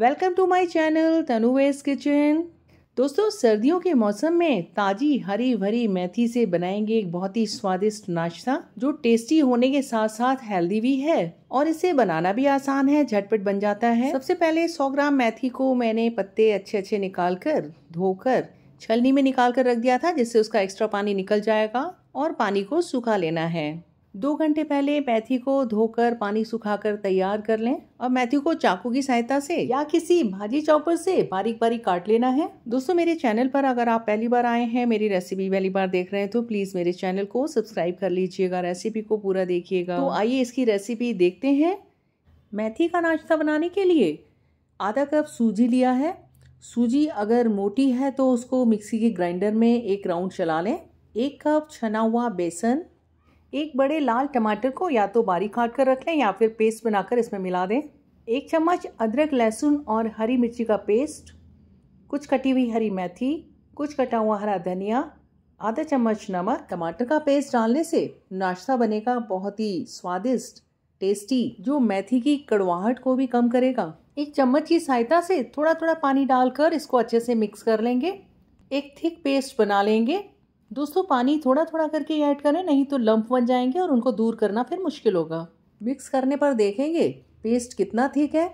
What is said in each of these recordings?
Welcome to my channel तनुवेज kitchen दोस्तों सर्दियों के मौसम में ताज़ी हरी भरी मेथी से बनाएंगे एक बहुत ही स्वादिष्ट नाश्ता जो टेस्टी होने के साथ साथ हेल्दी भी है और इसे बनाना भी आसान है झटपट बन जाता है सबसे पहले 100 ग्राम मेथी को मैंने पत्ते अच्छे अच्छे निकाल कर धोकर छलनी में निकाल कर रख दिया था जिससे उसका एक्स्ट्रा पानी निकल जाएगा और पानी को सूखा लेना है दो घंटे पहले मैथी को धोकर पानी सुखाकर तैयार कर लें और मैथी को चाकू की सहायता से या किसी भाजी चौपर से बारीक बारीक काट लेना है दोस्तों मेरे चैनल पर अगर आप पहली बार आए हैं मेरी रेसिपी पहली बार देख रहे हैं तो प्लीज मेरे चैनल को सब्सक्राइब कर लीजिएगा रेसिपी को पूरा देखिएगा तो आइए इसकी रेसिपी देखते हैं मेथी का नाश्ता बनाने के लिए आधा कप सूजी लिया है सूजी अगर मोटी है तो उसको मिक्सी के ग्राइंडर में एक राउंड चला लें एक कप छना हुआ बेसन एक बड़े लाल टमाटर को या तो बारीक काट कर रख लें या फिर पेस्ट बनाकर इसमें मिला दें एक चम्मच अदरक लहसुन और हरी मिर्ची का पेस्ट कुछ कटी हुई हरी मेथी कुछ कटा हुआ हरा धनिया आधा चम्मच नमक टमाटर का पेस्ट डालने से नाश्ता बनेगा बहुत ही स्वादिष्ट टेस्टी जो मेथी की कड़वाहट को भी कम करेगा एक चम्मच की सहायता से थोड़ा थोड़ा पानी डालकर इसको अच्छे से मिक्स कर लेंगे एक थिक पेस्ट बना लेंगे दोस्तों पानी थोड़ा थोड़ा करके ऐड करें नहीं तो लंप बन जाएंगे और उनको दूर करना फिर मुश्किल होगा मिक्स करने पर देखेंगे पेस्ट कितना ठीक है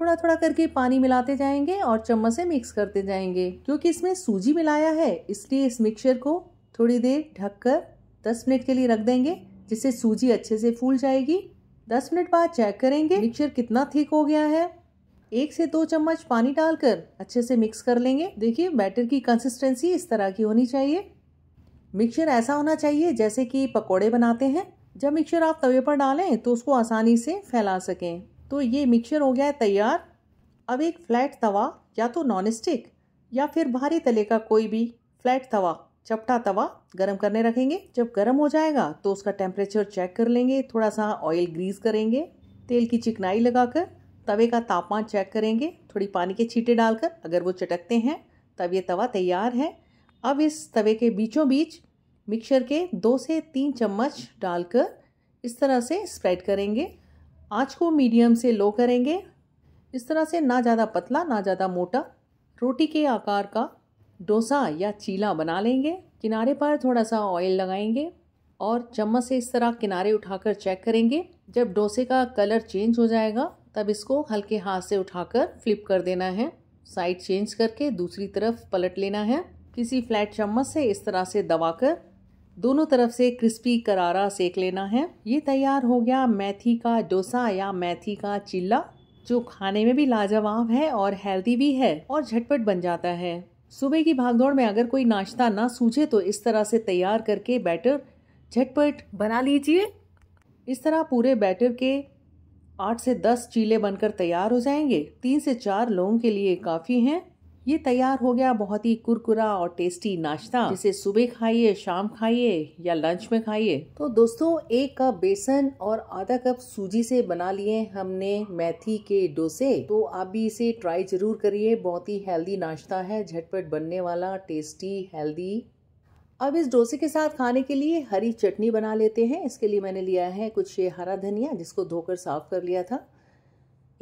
थोड़ा थोड़ा करके पानी मिलाते जाएंगे और चम्मच से मिक्स करते जाएंगे क्योंकि इसमें सूजी मिलाया है इसलिए इस मिक्सचर को थोड़ी देर कर दस मिनट के लिए रख देंगे जिससे सूजी अच्छे से फूल जाएगी दस मिनट बाद चेक करेंगे मिक्सचर कितना ठीक हो गया है एक से दो चम्मच पानी डालकर अच्छे से मिक्स कर लेंगे देखिए बैटर की कंसिस्टेंसी इस तरह की होनी चाहिए मिक्सचर ऐसा होना चाहिए जैसे कि पकोड़े बनाते हैं जब मिक्सचर आप तवे पर डालें तो उसको आसानी से फैला सकें तो ये मिक्सचर हो गया है तैयार अब एक फ्लैट तवा या तो नॉन स्टिक या फिर भारी तले का कोई भी फ्लैट तवा चपटा तवा गरम करने रखेंगे जब गरम हो जाएगा तो उसका टेम्परेचर चेक कर लेंगे थोड़ा सा ऑयल ग्रीस करेंगे तेल की चिकनाई लगाकर तवे का तापमान चेक करेंगे थोड़ी पानी के छींटे डालकर अगर वो चटकते हैं तब ये तवा तैयार है अब इस तवे के बीचों बीच मिक्सर के दो से तीन चम्मच डालकर इस तरह से स्प्रेड करेंगे आँच को मीडियम से लो करेंगे इस तरह से ना ज़्यादा पतला ना ज़्यादा मोटा रोटी के आकार का डोसा या चीला बना लेंगे किनारे पर थोड़ा सा ऑयल लगाएंगे और चम्मच से इस तरह किनारे उठाकर चेक करेंगे जब डोसे का कलर चेंज हो जाएगा तब इसको हल्के हाथ से उठाकर फ्लिप कर देना है साइड चेंज करके दूसरी तरफ पलट लेना है किसी फ्लैट चम्मच से इस तरह से दबाकर दोनों तरफ से क्रिस्पी करारा सेक लेना है ये तैयार हो गया मैथी का डोसा या मेथी का चिल्ला जो खाने में भी लाजवाब है और हेल्दी भी है और झटपट बन जाता है सुबह की भागदौड़ में अगर कोई नाश्ता ना सूझे तो इस तरह से तैयार करके बैटर झटपट बना लीजिए इस तरह पूरे बैटर के आठ से दस चीले बनकर तैयार हो जाएंगे तीन से चार लोगों के लिए काफ़ी हैं ये तैयार हो गया बहुत ही कुरकुरा और टेस्टी नाश्ता हाँ। जिसे सुबह खाइए शाम खाइए या लंच में खाइए तो दोस्तों एक कप बेसन और आधा कप सूजी से बना लिए हमने मेथी के डोसे तो आप भी इसे ट्राई जरूर करिए बहुत ही हेल्दी नाश्ता है झटपट बनने वाला टेस्टी हेल्दी अब इस डोसे के साथ खाने के लिए हरी चटनी बना लेते हैं इसके लिए मैंने लिया है कुछ हरा धनिया जिसको धोकर साफ कर लिया था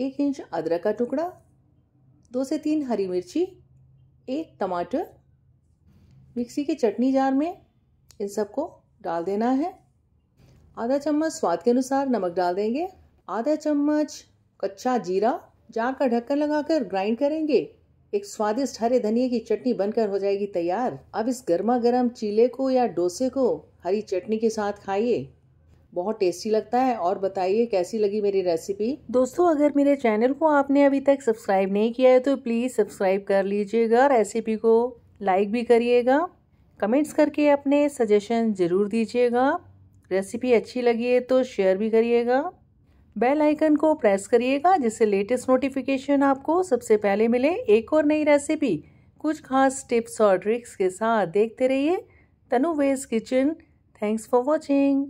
एक इंच अदरक का टुकड़ा दो से तीन हरी मिर्ची एक टमाटर मिक्सी के चटनी जार में इन सबको डाल देना है आधा चम्मच स्वाद के अनुसार नमक डाल देंगे आधा चम्मच कच्चा जीरा जार का ढक्कन लगाकर ग्राइंड करेंगे एक स्वादिष्ट हरे धनिए की चटनी बनकर हो जाएगी तैयार अब इस गर्मा गर्म चीले को या डोसे को हरी चटनी के साथ खाइए बहुत टेस्टी लगता है और बताइए कैसी लगी मेरी रेसिपी दोस्तों अगर मेरे चैनल को आपने अभी तक सब्सक्राइब नहीं किया है तो प्लीज़ सब्सक्राइब कर लीजिएगा रेसिपी को लाइक भी करिएगा कमेंट्स करके अपने सजेशन ज़रूर दीजिएगा रेसिपी अच्छी लगी है तो शेयर भी करिएगा बेल आइकन को प्रेस करिएगा जिससे लेटेस्ट नोटिफिकेशन आपको सबसे पहले मिले एक और नई रेसिपी कुछ खास टिप्स और ट्रिक्स के साथ देखते रहिए Tanu veg kitchen thanks for watching